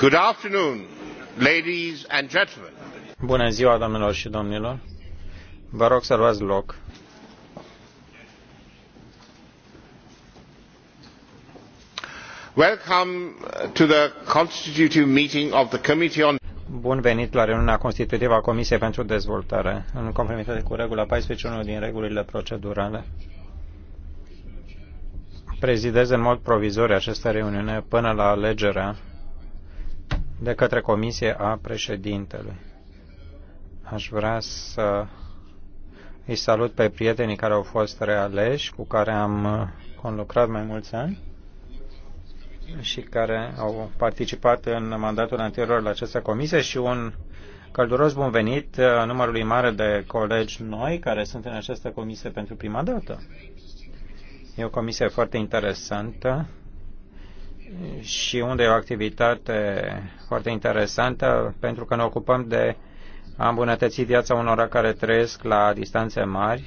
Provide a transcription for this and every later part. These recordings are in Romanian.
Good afternoon, ladies and gentlemen. Bună ziua, domnilor și domnilor. Vă rog să luați loc. Welcome to the constitutive meeting of the Committee on Bun venit la reuniunea constitutivă a Comisiei pentru Dezvoltare, în conformitate cu regula 14.1 din regulile procedurale prezidez în mod provizoriu această reuniune până la alegerea de către Comisie a Președintelui. Aș vrea să îi salut pe prietenii care au fost realeși, cu care am uh, conlucrat mai mulți ani și care au participat în mandatul anterior la această comisie și un călduros bun venit uh, numărului mare de colegi noi care sunt în această comisie pentru prima dată. E o comisie foarte interesantă și unde e o activitate foarte interesantă pentru că ne ocupăm de a îmbunătăți viața unora care trăiesc la distanțe mari,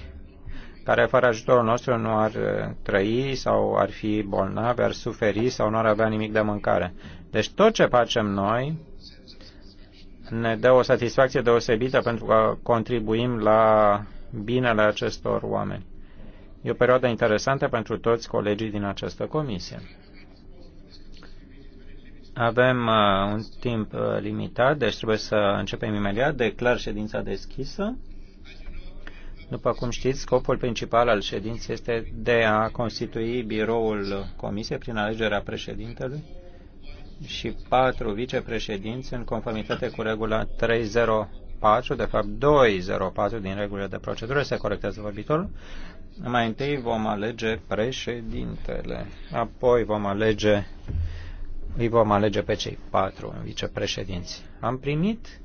care fără ajutorul nostru nu ar uh, trăi sau ar fi bolnavi, ar suferi sau nu ar avea nimic de mâncare. Deci tot ce facem noi ne dă o satisfacție deosebită pentru că contribuim la binele acestor oameni. E o perioadă interesantă pentru toți colegii din această comisie. Avem uh, un timp uh, limitat, deci trebuie să începem imediat. Declar ședința deschisă. După cum știți, scopul principal al ședinței este de a constitui biroul comisiei prin alegerea președintelui și patru vicepreședinți în conformitate cu regula 304, de fapt 204 din regulile de procedură, se corectează vorbitorul. Mai întâi vom alege președintele, apoi vom alege îi vom alege pe cei patru vicepreședinți. Am primit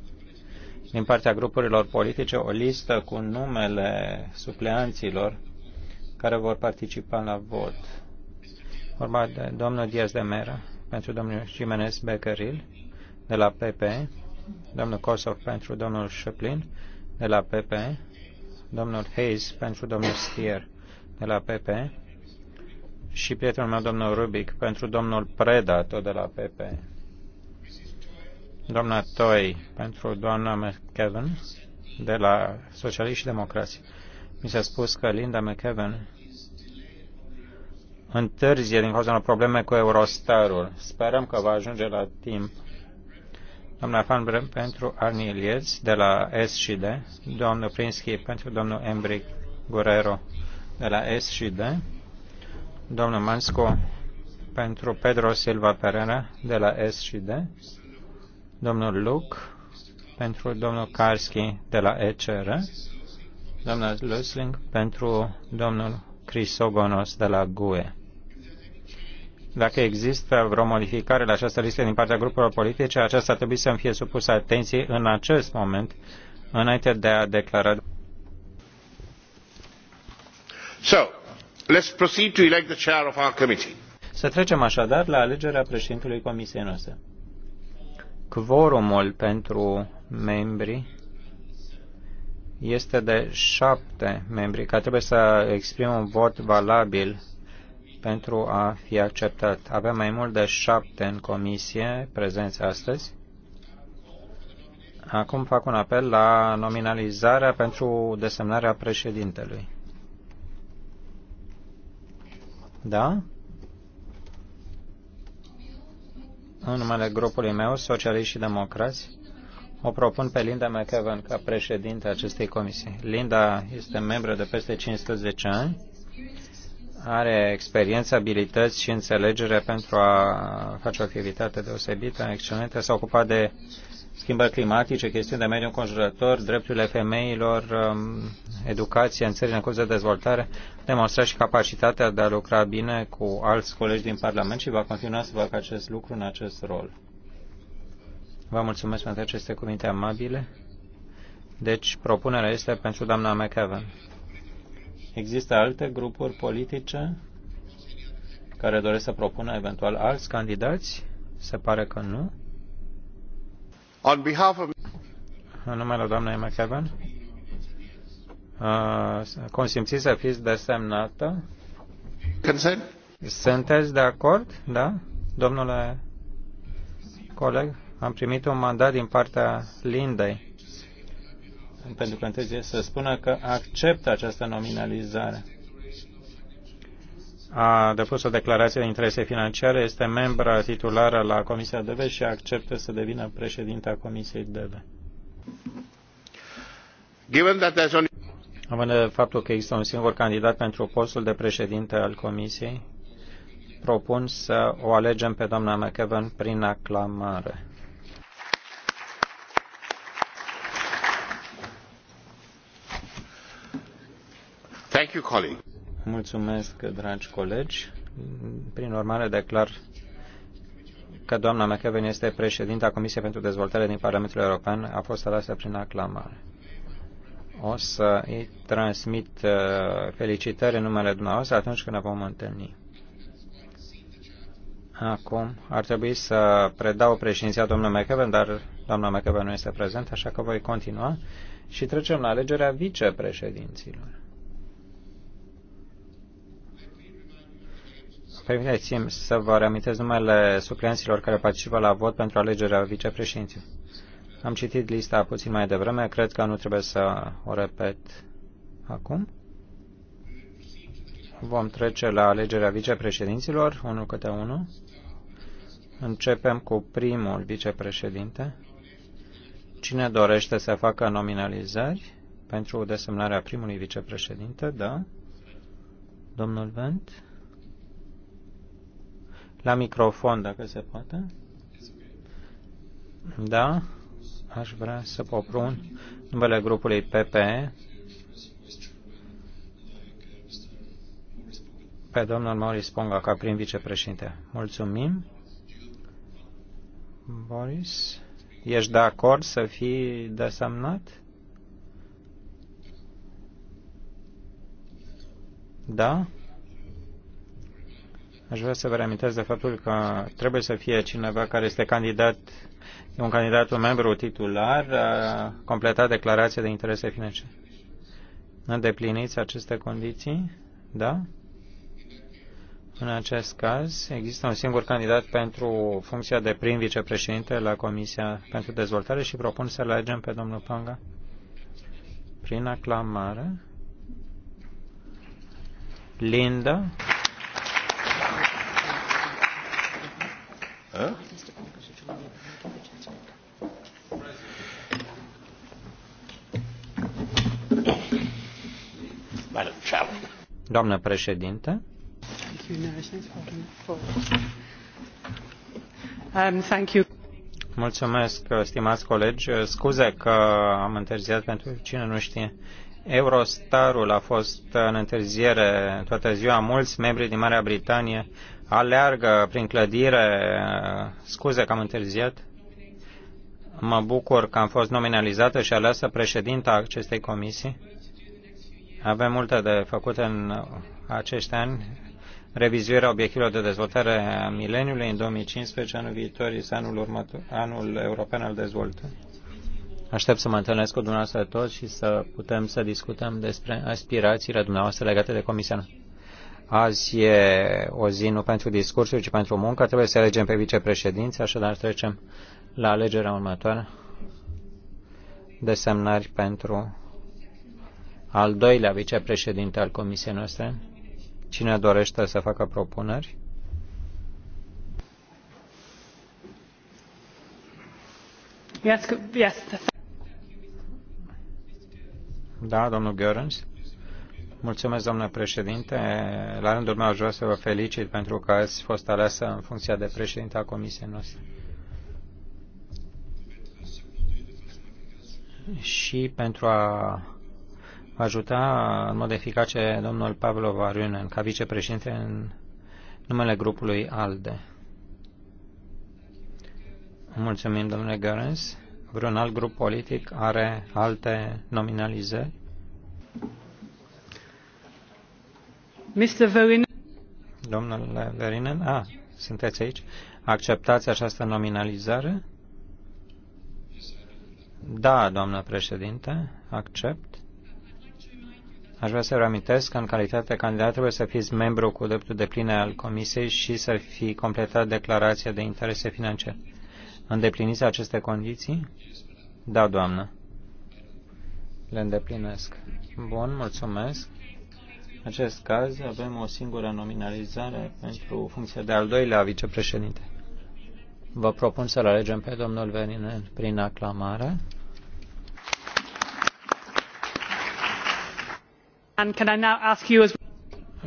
din partea grupurilor politice o listă cu numele supleanților care vor participa la vot. Vorba de domnul Diaz de Mera, pentru domnul Jimenez Becăril de la PP, domnul Kosov pentru domnul Șeplin, de la PP, domnul Hayes pentru domnul Stier, de la PP, și prietenul meu, domnul Rubic, pentru domnul Preda, tot de la PP. Doamna Toi, pentru doamna McKevin, de la Socialiști și Democrații. Mi s-a spus că Linda McKevin întârzie din cauza unor probleme cu Eurostarul. Sperăm că va ajunge la timp. Doamna Van Brem pentru Lietz, de la S și D, domnul Prinsky pentru domnul Embrick Guerrero de la S și D domnul Mansco pentru Pedro Silva Pereira de la S și D, domnul Luc pentru domnul Karski de la ECR, doamna Lusling pentru domnul Crisogonos de la GUE. Dacă există vreo modificare la această listă din partea grupurilor politice, aceasta ar trebui să fie supusă atenției în acest moment, înainte de a declara. So, Let's proceed to elect the chair of our committee. Să trecem așadar la alegerea președintelui comisiei noastre. Quorumul pentru membri este de șapte membri, care trebuie să exprimă un vot valabil pentru a fi acceptat. Avem mai mult de șapte în comisie prezenți astăzi. Acum fac un apel la nominalizarea pentru desemnarea președintelui. Da? În numele grupului meu, Socialiști și Democrați, o propun pe Linda McEwan ca președinte acestei comisii. Linda este membră de peste 15 ani are experiență, abilități și înțelegere pentru a face o activitate deosebită, excelentă. S-a ocupat de schimbări climatice, chestiuni de mediu înconjurător, drepturile femeilor, um, educație în țările în curs de dezvoltare, demonstra și capacitatea de a lucra bine cu alți colegi din Parlament și va continua să facă acest lucru în acest rol. Vă mulțumesc pentru aceste cuvinte amabile. Deci, propunerea este pentru doamna McEwan. Există alte grupuri politice care doresc să propună eventual alți candidați? Se pare că nu. On behalf of... În numele doamnei McEvan, consimțiți să fiți desemnată? Consent? Sunteți de acord? Da? Domnule coleg, am primit un mandat din partea Lindei pentru planteze să spună că acceptă această nominalizare. A depus o declarație de interese financiare, este membra titulară la Comisia DV și acceptă să devină a Comisiei DV. Având de faptul că există un singur candidat pentru postul de președinte al Comisiei, propun să o alegem pe doamna McEvan prin aclamare. you, Mulțumesc, dragi colegi. Prin urmare, declar că doamna McEwen este președinta Comisiei pentru Dezvoltare din Parlamentul European, a fost aleasă prin aclamare. O să îi transmit uh, felicitări în numele dumneavoastră atunci când ne vom întâlni. Acum ar trebui să predau președinția domnului McEwen, dar doamna McEwen nu este prezentă, așa că voi continua și trecem la alegerea vicepreședinților. Permiteți-mi să vă reamintesc numele supleanților care participă la vot pentru alegerea vicepreședinților. Am citit lista puțin mai devreme, cred că nu trebuie să o repet acum. Vom trece la alegerea vicepreședinților, unul câte unul. Începem cu primul vicepreședinte. Cine dorește să facă nominalizări pentru desemnarea primului vicepreședinte? Da. Domnul Vent la microfon, dacă se poate. Da, aș vrea să poprun numele grupului PPE pe domnul Maurice Ponga ca prim vicepreședinte. Mulțumim. Boris, ești de acord să fii desemnat? Da? Aș vrea să vă reamintesc de faptul că trebuie să fie cineva care este candidat, un candidat, un membru titular, a completat declarația de interese financiare. Îndepliniți aceste condiții? Da? În acest caz, există un singur candidat pentru funcția de prim vicepreședinte la Comisia pentru Dezvoltare și propun să alegem pe domnul Panga prin aclamare. Linda. Doamnă președinte, um, Mulțumesc, stimați colegi. Scuze că am întârziat pentru cine nu știe. Eurostarul a fost în întârziere toată ziua. Mulți membri din Marea Britanie aleargă prin clădire. Scuze că am întârziat. Mă bucur că am fost nominalizată și aleasă președinta acestei comisii. Avem multe de făcut în acești ani. Revizuirea obiectivelor de dezvoltare a mileniului în 2015, anul viitor, este anul, următor, anul european al dezvoltării. Aștept să mă întâlnesc cu dumneavoastră toți și să putem să discutăm despre aspirațiile dumneavoastră legate de comisia noastră. Azi e o zi nu pentru discursuri, ci pentru muncă. Trebuie să alegem pe vicepreședinți, așadar trecem la alegerea următoare. Desemnări pentru al doilea vicepreședinte al comisiei noastre. Cine dorește să facă propuneri? Da, domnul Görens. Mulțumesc, domnule președinte. La rândul meu aș vrea să vă felicit pentru că ați fost aleasă în funcția de președinte a comisiei noastre. Și pentru a ajuta în mod eficace domnul Pablo Varunen ca vicepreședinte în numele grupului ALDE. Mulțumim, domnule Gărâns. Vreun alt grup politic are alte nominalizări? Mr. Verinen. Verinen, a, ah, sunteți aici. Acceptați această nominalizare? Da, doamnă președinte, accept. Aș vrea să reamintesc că în calitate de candidat trebuie să fiți membru cu dreptul de pline al Comisiei și să fi completat declarația de interese financiare. Îndepliniți aceste condiții? Da, doamnă. Le îndeplinesc. Bun, mulțumesc. În acest caz avem o singură nominalizare pentru funcția de al doilea vicepreședinte. Vă propun să-l alegem pe domnul Veninen prin aclamare. And can I now ask you as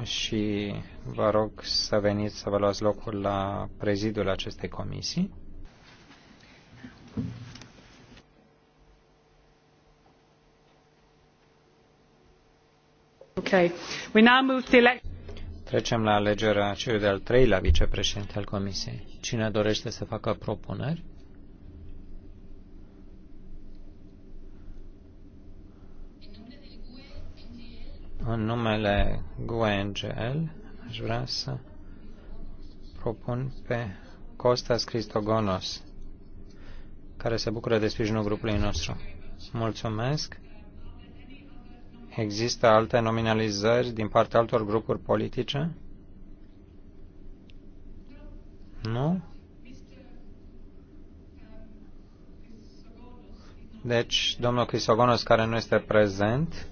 și vă rog să veniți să vă luați locul la prezidul acestei comisii. Trecem la alegerea celui de-al treilea vicepreședinte al Comisiei. Cine dorește să facă propuneri? În numele GUE/NGL, aș vrea să propun pe Costas Cristogonos, care se bucură de sprijinul grupului nostru. Mulțumesc! Există alte nominalizări din partea altor grupuri politice? Nu? Deci, domnul Crisogonos, care nu este prezent,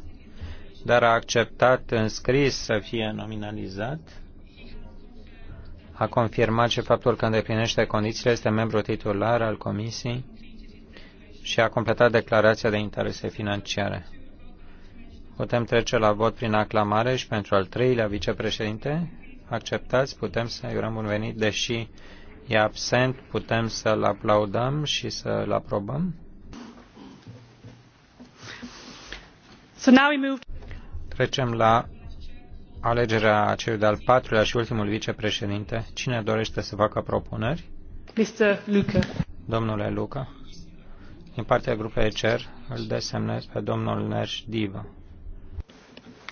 dar a acceptat în scris să fie nominalizat, a confirmat și faptul că îndeplinește condițiile, este membru titular al comisiei și a completat declarația de interese financiare. Putem trece la vot prin aclamare și pentru al treilea vicepreședinte. Acceptați, putem să-i urăm un venit, deși e absent, putem să-l aplaudăm și să-l aprobăm. So now we move... Trecem la alegerea celui de-al patrulea și ultimul vicepreședinte. Cine dorește să facă propuneri? Mr. Luca. Domnule Luca, din partea grupei CER îl desemnez pe domnul Nerș Diva.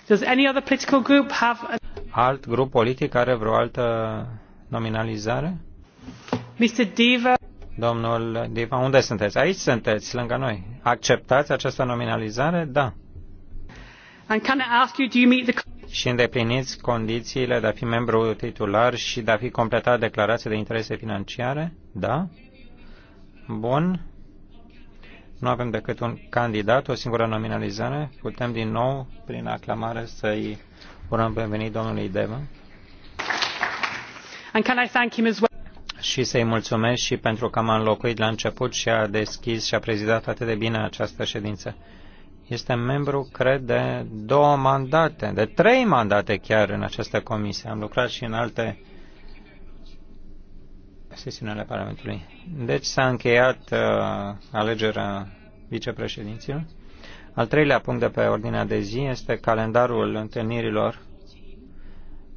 Does any other political group have a... Alt grup politic are vreo altă nominalizare? Mr. Diva. Domnul Diva, unde sunteți? Aici sunteți, lângă noi. Acceptați această nominalizare? Da. And can I ask you, do you meet the... Și îndepliniți condițiile de a fi membru titular și de a fi completat declarația de interese financiare? Da. Bun. Nu avem decât un candidat, o singură nominalizare. Putem din nou, prin aclamare, să-i urăm binevenit domnului Devă. And can I thank him as well? și să-i mulțumesc și pentru că m-a înlocuit la început și a deschis și a prezidat atât de bine această ședință. Este membru, cred, de două mandate, de trei mandate chiar în această comisie. Am lucrat și în alte sesiunile Parlamentului. Deci s-a încheiat uh, alegerea vicepreședinților. Al treilea punct de pe ordinea de zi este calendarul întâlnirilor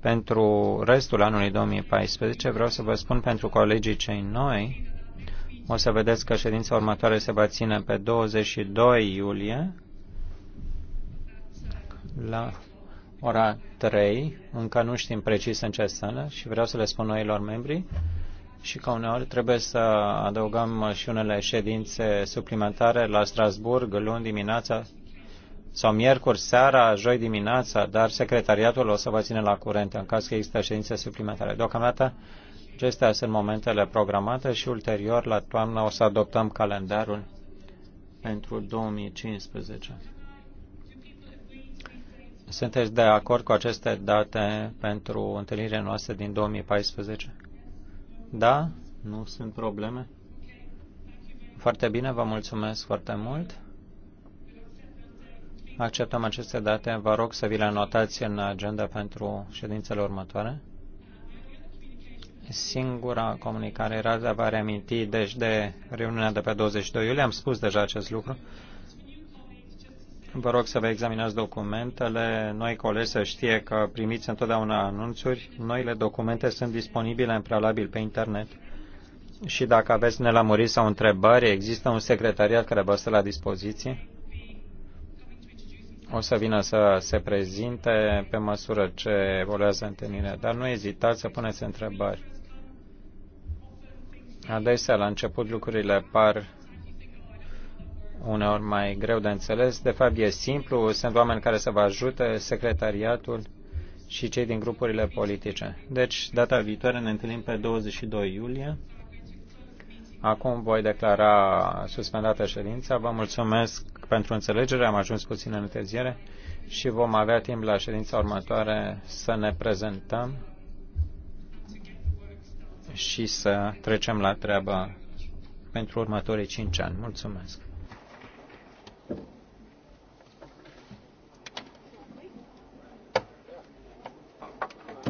pentru restul anului 2014. Vreau să vă spun pentru colegii cei noi, o să vedeți că ședința următoare se va ține pe 22 iulie la ora 3, încă nu știm precis în ce sală și vreau să le spun noilor membri și că uneori trebuie să adăugăm și unele ședințe suplimentare la Strasburg luni dimineața sau miercuri seara, joi dimineața, dar secretariatul o să vă ține la curent în caz că există ședințe suplimentare. Deocamdată acestea sunt momentele programate și ulterior la toamnă o să adoptăm calendarul pentru 2015. Sunteți de acord cu aceste date pentru întâlnirea noastră din 2014? Da? Nu sunt probleme? Foarte bine, vă mulțumesc foarte mult. Acceptăm aceste date. Vă rog să vi le anotați în agenda pentru ședințele următoare. Singura comunicare era de a vă reaminti, deci, de reuniunea de pe 22 iulie. Am spus deja acest lucru. Vă rog să vă examinați documentele. Noi colegi să știe că primiți întotdeauna anunțuri. Noile documente sunt disponibile în prealabil pe internet. Și dacă aveți nelămuriri sau întrebări, există un secretariat care vă stă la dispoziție. O să vină să se prezinte pe măsură ce evoluează întâlnirea, dar nu ezitați să puneți întrebări. Adesea, la început, lucrurile par uneori mai greu de înțeles. De fapt, e simplu, sunt oameni care să vă ajute, secretariatul și cei din grupurile politice. Deci, data viitoare ne întâlnim pe 22 iulie. Acum voi declara suspendată ședința. Vă mulțumesc pentru înțelegere, am ajuns puțin în întârziere și vom avea timp la ședința următoare să ne prezentăm și să trecem la treabă pentru următorii 5 ani. Mulțumesc!